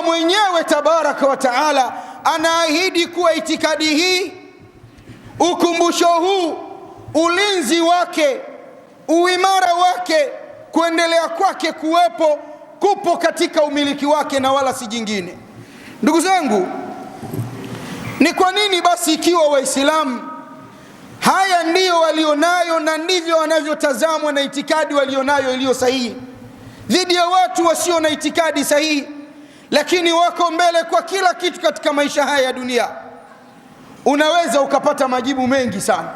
Allah mwenyewe tabaraka wa taala anaahidi kuwa itikadi hii, ukumbusho huu, ulinzi wake, uimara wake, kuendelea kwake kuwepo kupo katika umiliki wake na wala si jingine. Ndugu zangu, ni kwa nini basi ikiwa Waislamu haya ndiyo walionayo na ndivyo wanavyotazamwa na itikadi walionayo iliyo sahihi dhidi ya watu wasio na itikadi sahihi lakini wako mbele kwa kila kitu katika maisha haya ya dunia. Unaweza ukapata majibu mengi sana,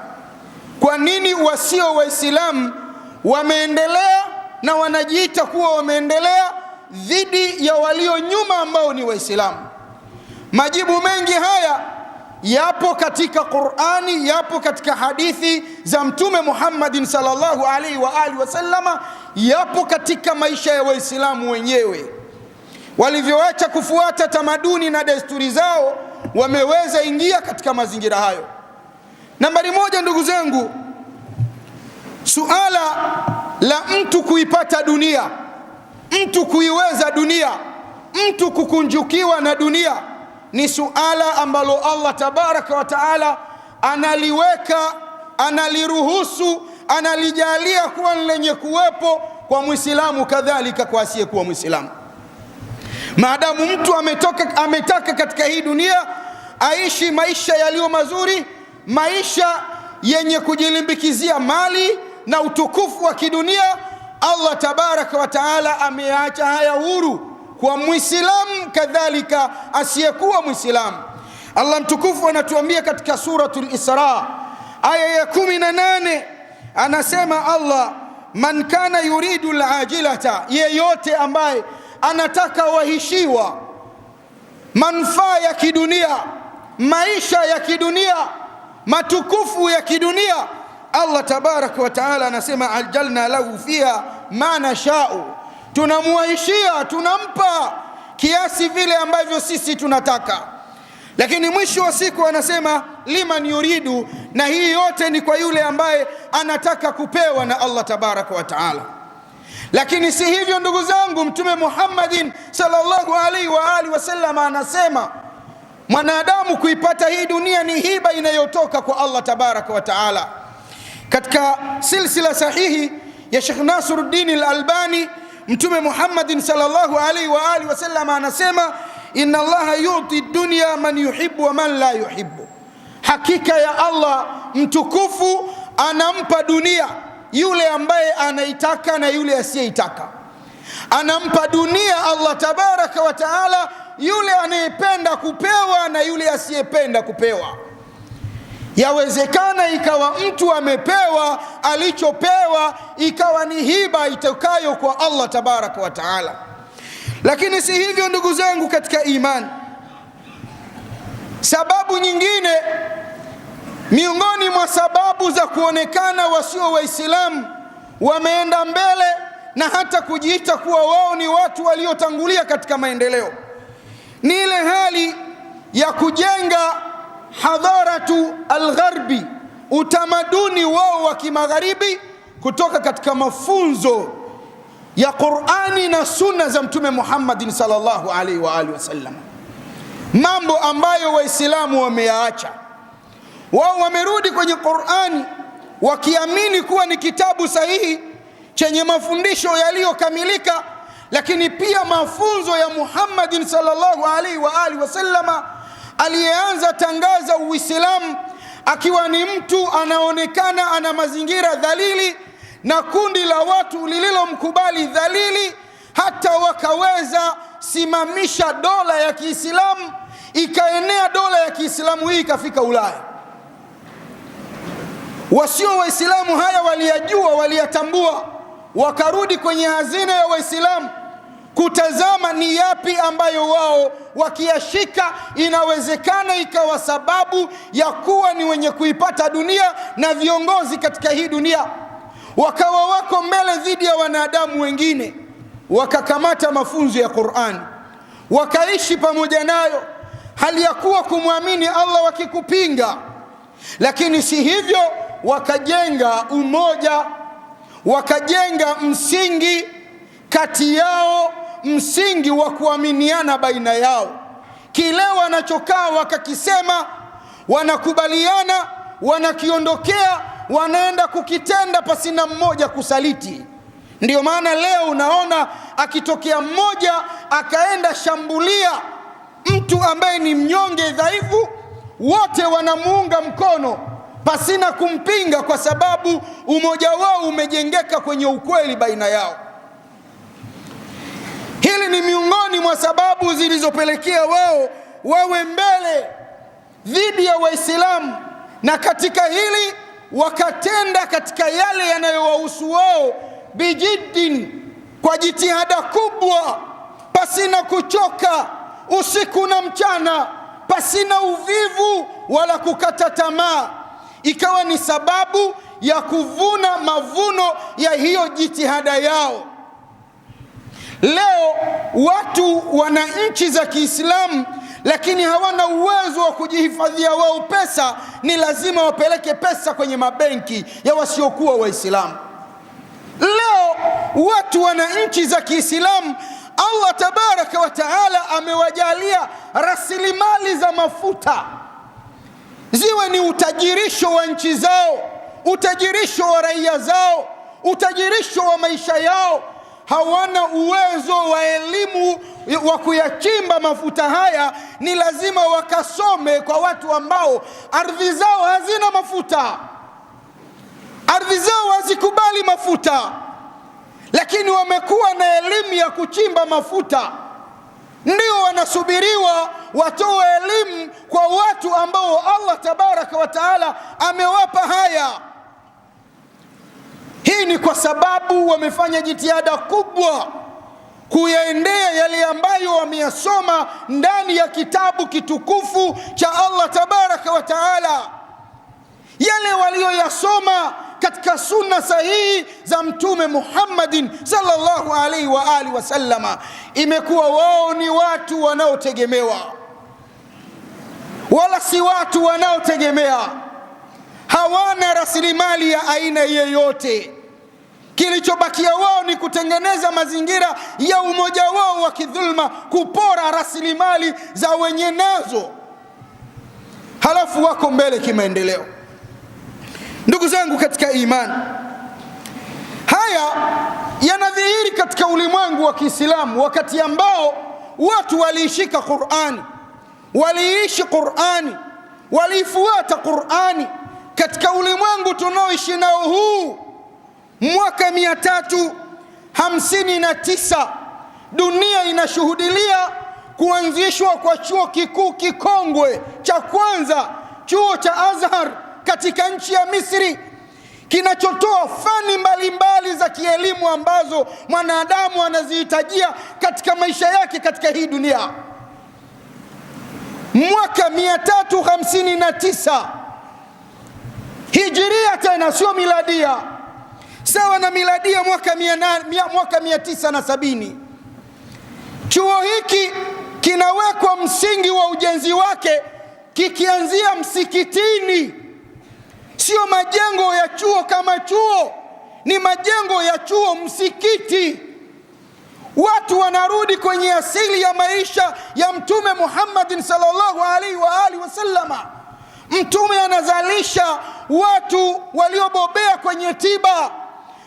kwa nini wasio Waislamu wameendelea na wanajiita kuwa wameendelea dhidi ya walio nyuma ambao ni Waislamu. Majibu mengi haya yapo katika Qur'ani, yapo katika hadithi za Mtume Muhammadin sallallahu alaihi wa alihi wasallama, yapo katika maisha ya Waislamu wenyewe. Walivyoacha kufuata tamaduni na desturi zao, wameweza ingia katika mazingira hayo. Nambari moja, ndugu zangu, suala la mtu kuipata dunia, mtu kuiweza dunia, mtu kukunjukiwa na dunia ni suala ambalo Allah tabaraka wa taala analiweka, analiruhusu, analijalia kuwa lenye kuwepo kwa Mwislamu, kadhalika kwa asiyekuwa Mwislamu. Maadamu mtu ametoka, ametaka katika hii dunia aishi maisha yaliyo mazuri, maisha yenye kujilimbikizia mali na utukufu wa kidunia, Allah tabaraka wa taala ameacha haya huru kwa Mwislamu kadhalika asiyekuwa Mwislamu. Allah mtukufu anatuambia katika Suratul Isra aya ya kumi na nane anasema Allah, man kana yuridu lajilata, yeyote ambaye anataka wahishiwa manufaa ya kidunia, maisha ya kidunia, matukufu ya kidunia. Allah tabaraka wa taala anasema ajalna lahu fiha ma nashau, tunamuwaishia tunampa kiasi vile ambavyo sisi tunataka, lakini mwisho wa siku anasema liman yuridu, na hii yote ni kwa yule ambaye anataka kupewa na Allah tabaraka wa taala. Lakini si hivyo ndugu zangu, Mtume Muhammadin sallallahu alaihi wa alihi anasema mwanadamu kuipata hii dunia ni hiba inayotoka kwa Allah tabaraka wa taala. Katika silsila sahihi ya Sheikh Nasruddin al-Albani, Mtume Muhammadin sallallahu alaihi wa alihi anasema inna llaha yuti dunya man yuhibu wa man la yuhibu hakika ya Allah mtukufu anampa dunia yule ambaye anaitaka na yule asiyeitaka, anampa dunia Allah tabaraka wa taala yule anayependa kupewa na yule asiyependa kupewa. Yawezekana ikawa mtu amepewa alichopewa ikawa ni hiba itokayo kwa Allah tabaraka wa taala, lakini si hivyo ndugu zangu katika imani. Sababu nyingine Miongoni mwa sababu za kuonekana wasio Waislamu wameenda mbele na hata kujiita kuwa wao ni watu waliotangulia katika maendeleo ni ile hali ya kujenga hadharatu algharbi, utamaduni wao wa kimagharibi kutoka katika mafunzo ya Qur'ani na sunna za Mtume Muhammadin sallallahu alaihi wa alihi wasallam, mambo ambayo Waislamu wameyaacha wao wamerudi kwenye Qur'ani wakiamini kuwa ni kitabu sahihi chenye mafundisho yaliyokamilika, lakini pia mafunzo ya Muhammadin sallallahu alaihi wa alihi wasallama aliyeanza tangaza Uislamu akiwa ni mtu anaonekana ana mazingira dhalili na kundi la watu lililomkubali dhalili, hata wakaweza simamisha dola ya Kiislamu, ikaenea dola ya Kiislamu hii ikafika Ulaya. Wasio Waislamu haya waliyajua, waliyatambua, wakarudi kwenye hazina ya Waislamu kutazama ni yapi ambayo wao wakiyashika inawezekana ikawa sababu ya kuwa ni wenye kuipata dunia na viongozi katika hii dunia, wakawa wako mbele dhidi ya wanadamu wengine, wakakamata mafunzo ya Qur'an wakaishi pamoja nayo, hali ya kuwa kumwamini Allah wakikupinga, lakini si hivyo wakajenga umoja, wakajenga msingi kati yao, msingi wa kuaminiana baina yao. Kile wanachokaa wakakisema, wanakubaliana, wanakiondokea, wanaenda kukitenda pasina mmoja kusaliti. Ndiyo maana leo unaona akitokea mmoja akaenda shambulia mtu ambaye ni mnyonge dhaifu, wote wanamuunga mkono pasina kumpinga, kwa sababu umoja wao umejengeka kwenye ukweli baina yao. Hili ni miongoni mwa sababu zilizopelekea wao wawe mbele dhidi ya Waislamu, na katika hili wakatenda katika yale yanayowahusu wao bijiddin, kwa jitihada kubwa, pasina kuchoka, usiku na mchana, pasina uvivu wala kukata tamaa ikawa ni sababu ya kuvuna mavuno ya hiyo jitihada yao. Leo watu wana nchi za Kiislamu lakini hawana uwezo wa kujihifadhia wao pesa, ni lazima wapeleke pesa kwenye mabenki ya wasiokuwa Waislamu. Leo watu wana nchi za Kiislamu, Allah tabaraka wa taala amewajalia rasilimali za mafuta uwe ni utajirisho wa nchi zao, utajirisho wa raia zao, utajirisho wa maisha yao. Hawana uwezo wa elimu wa kuyachimba mafuta haya, ni lazima wakasome kwa watu ambao ardhi zao hazina mafuta, ardhi zao hazikubali mafuta, lakini wamekuwa na elimu ya kuchimba mafuta, ndio wanasubiriwa watoe elimu kwa watu ambao Allah tabaraka wa taala amewapa haya. Hii ni kwa sababu wamefanya jitihada kubwa kuyaendea yale ambayo wameyasoma ndani ya kitabu kitukufu cha Allah tabaraka wa taala, yale waliyoyasoma katika sunna sahihi za Mtume Muhammadin sallallahu alaihi wa alihi wasallama. Imekuwa wao ni watu wanaotegemewa wala si watu wanaotegemea, hawana rasilimali ya aina yeyote. Kilichobakia wao ni kutengeneza mazingira ya umoja wao wa kidhulma, kupora rasilimali za wenye nazo, halafu wako mbele kimaendeleo. Ndugu zangu katika imani, haya yanadhihiri katika ulimwengu wa Kiislamu wakati ambao watu waliishika Qur'ani waliishi Qur'ani, waliifuata Qur'ani katika ulimwengu tunaoishi nao huu mwaka tisa dunia inashuhudilia kuanzishwa kwa chuo kikuu kikongwe cha kwanza, chuo cha Azhar katika nchi ya Misri kinachotoa fani mbalimbali za kielimu ambazo mwanadamu anazihitajia katika maisha yake katika hii dunia mwaka 359 hijiria, tena sio miladia, sawa na miladia mwaka 970. Chuo hiki kinawekwa msingi wa ujenzi wake kikianzia msikitini, sio majengo ya chuo kama chuo, ni majengo ya chuo msikiti watu wanarudi kwenye asili ya maisha ya Mtume Muhammadin sallallahu alaihi wa alihi wasallama. Mtume anazalisha watu waliobobea kwenye tiba.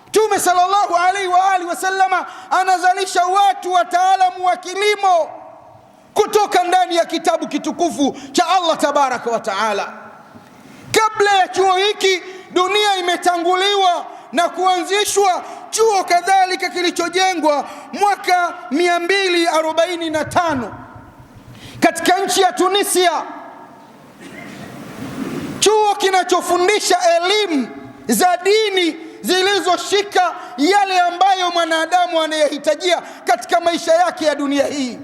Mtume sallallahu alaihi wa alihi wasallama anazalisha watu wataalamu wa kilimo kutoka ndani ya kitabu kitukufu cha Allah tabaraka wa taala. Kabla ya chuo hiki dunia imetanguliwa na kuanzishwa chuo kadhalika kilichojengwa mwaka 245 katika nchi ya Tunisia, chuo kinachofundisha elimu za dini zilizoshika yale ambayo mwanadamu anayahitajia katika maisha yake ya dunia hii.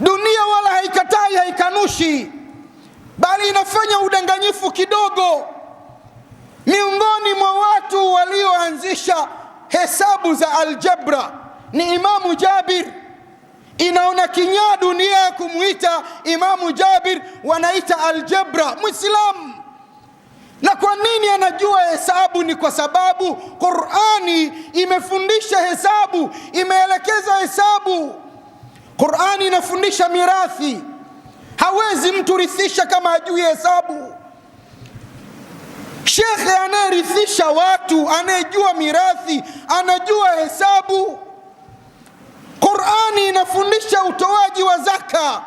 Dunia wala haikatai haikanushi, bali inafanya udanganyifu kidogo Miongoni mwa watu walioanzisha hesabu za aljabra ni Imamu Jabir. Inaona kinyaa dunia ya kumwita Imamu Jabir, wanaita aljabra Mwislamu. Na kwa nini anajua hesabu? Ni kwa sababu Qurani imefundisha hesabu, imeelekeza hesabu. Qurani inafundisha mirathi, hawezi mtu rithisha kama hajui hesabu. Shekhe anayerithisha watu, anayejua mirathi, anajua hesabu. Qurani inafundisha utoaji wa zaka,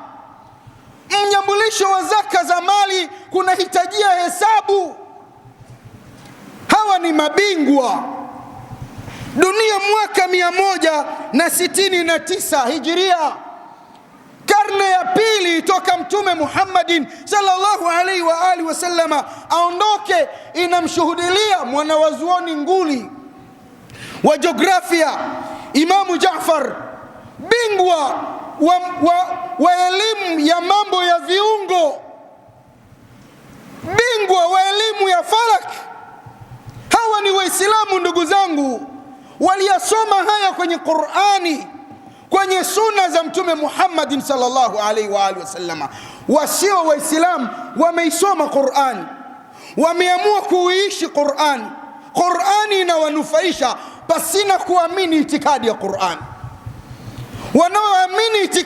mnyambulisho wa zaka za mali kunahitajia hesabu. Hawa ni mabingwa. Dunia mwaka mia moja na sitini na tisa hijiria Sunna ya pili toka Mtume Muhammadin sallallahu alaihi wa alihi wasallama aondoke, inamshuhudilia mwanawazuoni nguli wa jiografia Imamu Jaafar, bingwa wa, wa, wa elimu ya mambo ya viungo, bingwa wa elimu ya falak. Hawa ni Waislamu ndugu zangu, waliyasoma haya kwenye Qurani kwenye sunna za Mtume Muhammadin sallallahu alaihi wa alihi wasallama. Wasio Waislamu wameisoma Qurani, wameamua kuiishi Qurani. Qurani inawanufaisha pasina kuamini itikadi ya Qurani. Wanaoamini